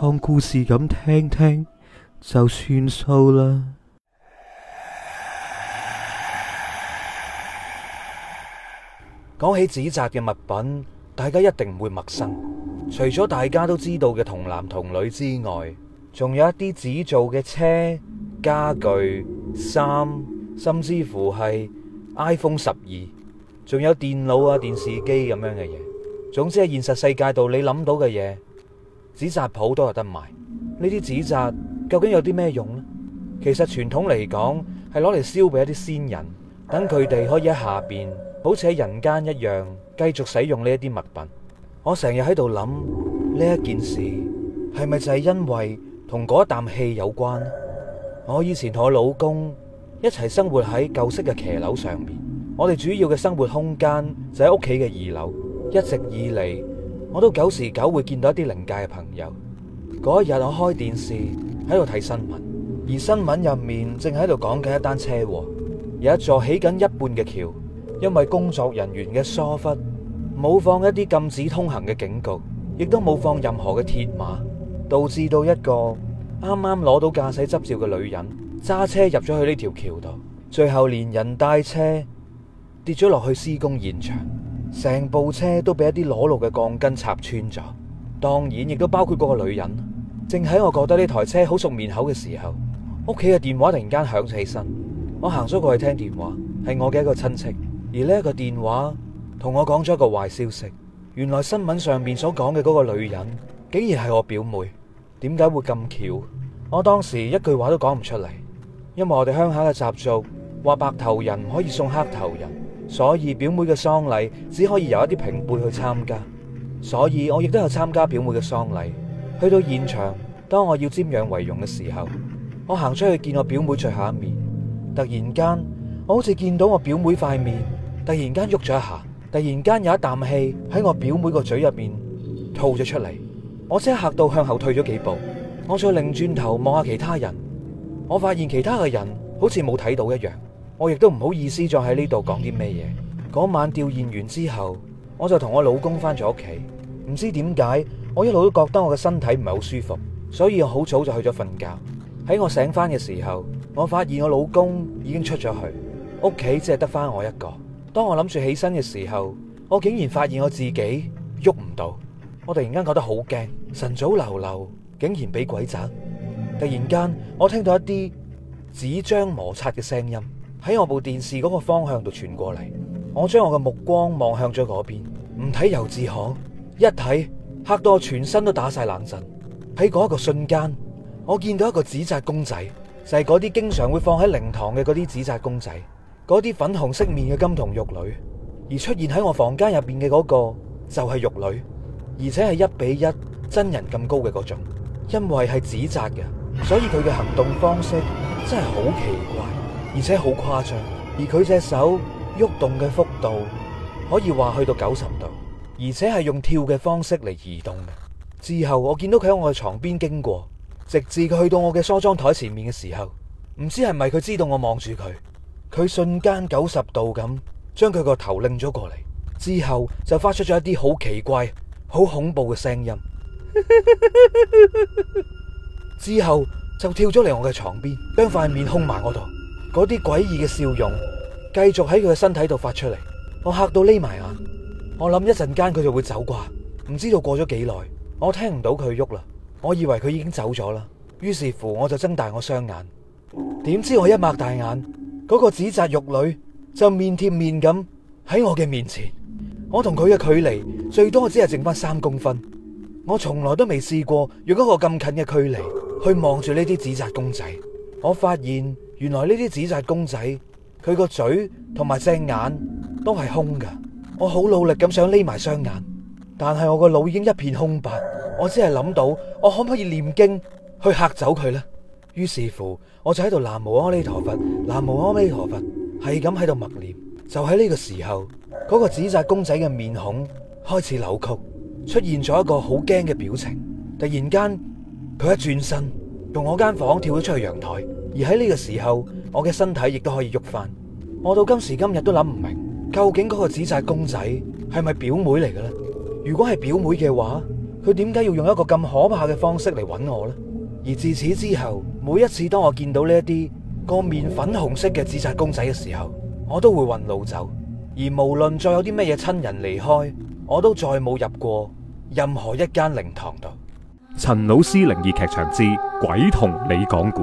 當故事咁聽聽就算數啦。講起紙紮嘅物品，大家一定唔會陌生。除咗大家都知道嘅童男童女之外，仲有一啲紙做嘅車、家具、衫，甚至乎係 iPhone 十二，仲有電腦啊、電視機咁樣嘅嘢。總之係現實世界度你諗到嘅嘢。紙紮鋪都有得賣，呢啲紙紮究竟有啲咩用呢？其實傳統嚟講係攞嚟燒俾一啲先人，等佢哋可以喺下邊，好似喺人間一樣繼續使用呢一啲物品。我成日喺度諗呢一件事，係咪就係因為同嗰一啖氣有關？我以前同我老公一齊生活喺舊式嘅騎樓上面，我哋主要嘅生活空間就喺屋企嘅二樓，一直以嚟。我都九時九會見到一啲靈界嘅朋友。嗰一日我開電視喺度睇新聞，而新聞入面正喺度講緊一單車禍，有一座起緊一半嘅橋，因為工作人員嘅疏忽，冇放一啲禁止通行嘅警告，亦都冇放任何嘅鐵馬，導致到一個啱啱攞到駕駛執照嘅女人揸車入咗去呢條橋度，最後連人帶車跌咗落去施工現場。成部車都俾一啲裸露嘅鋼筋插穿咗，當然亦都包括嗰個女人。正喺我覺得呢台車好熟面口嘅時候，屋企嘅電話突然間響起身，我行咗過去聽電話，係我嘅一個親戚，而呢一個電話同我講咗一個壞消息。原來新聞上面所講嘅嗰個女人，竟然係我表妹。點解會咁巧？我當時一句話都講唔出嚟，因為我哋鄉下嘅習俗話白頭人唔可以送黑頭人。所以表妹嘅喪禮只可以由一啲平輩去參加，所以我亦都有參加表妹嘅喪禮。去到現場，當我要瞻仰遺容嘅時候，我行出去見我表妹最後一面。突然間，我好似見到我表妹塊面突然間喐咗一下，突然間有一啖氣喺我表妹個嘴入面吐咗出嚟。我即刻吓到向後退咗幾步。我再擰轉頭望下其他人，我發現其他嘅人好似冇睇到一樣。我亦都唔好意思再喺呢度講啲咩嘢。嗰晚吊唁完之後，我就同我老公翻咗屋企。唔知點解，我一路都覺得我嘅身體唔係好舒服，所以我好早就去咗瞓覺。喺我醒翻嘅時候，我發現我老公已經出咗去，屋企只係得翻我一個。當我諗住起身嘅時候，我竟然發現我自己喐唔到。我突然間覺得好驚，晨早流流竟然俾鬼責。突然間，我聽到一啲紙張摩擦嘅聲音。喺我部電視嗰個方向度傳過嚟，我將我嘅目光望向咗嗰邊，唔睇猶自可，一睇吓到我全身都打晒冷震。喺嗰一個瞬間，我見到一個紙紮公仔，就係嗰啲經常會放喺靈堂嘅嗰啲紙紮公仔，嗰啲粉紅色面嘅金童玉女。而出現喺我房間入邊嘅嗰個就係玉女，而且係一比一真人咁高嘅嗰種。因為係紙紮嘅，所以佢嘅行動方式真係好奇怪。而且好誇張，而佢隻手喐動嘅幅度可以話去到九十度，而且係用跳嘅方式嚟移動嘅。之後我見到佢喺我嘅床邊經過，直至佢去到我嘅梳妝台前面嘅時候，唔知係咪佢知道我望住佢，佢瞬間九十度咁將佢個頭擰咗過嚟，之後就發出咗一啲好奇怪、好恐怖嘅聲音，之後就跳咗嚟我嘅床邊，將塊面控埋我度。嗰啲詭異嘅笑容繼續喺佢嘅身體度發出嚟，我嚇到匿埋眼。我諗一陣間佢就會走啩，唔知道過咗幾耐，我聽唔到佢喐啦。我以為佢已經走咗啦，於是乎我就睜大我雙眼。點知我一擘大眼，嗰、那個紙紮玉女就面貼面咁喺我嘅面前，我同佢嘅距離最多只係剩翻三公分。我從來都未試過用一個咁近嘅距離去望住呢啲紙紮公仔，我發現。原來呢啲紙紮公仔，佢個嘴，同埋隻眼都係空㗎。我好努力咁想匿埋雙眼，但係我個腦已經一片空白。我只係諗到，我可唔可以念經去嚇走佢呢？於是乎，我就喺度南無阿彌陀佛，南無阿彌陀佛，係咁喺度默念。就喺呢個時候，嗰個紙紮公仔嘅面孔開始扭曲，出現咗一個好驚嘅表情。突然間，佢一轉身，用我間房跳咗出去陽台。而喺呢個時候，我嘅身體亦都可以喐翻。我到今時今日都諗唔明，究竟嗰個紙紮公仔係咪表妹嚟嘅咧？如果係表妹嘅話，佢點解要用一個咁可怕嘅方式嚟揾我呢？而自此之後，每一次當我見到呢一啲個面粉紅色嘅紙紮公仔嘅時候，我都會運路走。而無論再有啲咩嘢親人離開，我都再冇入過任何一間靈堂度。陳老師靈異劇場之鬼同你講故」。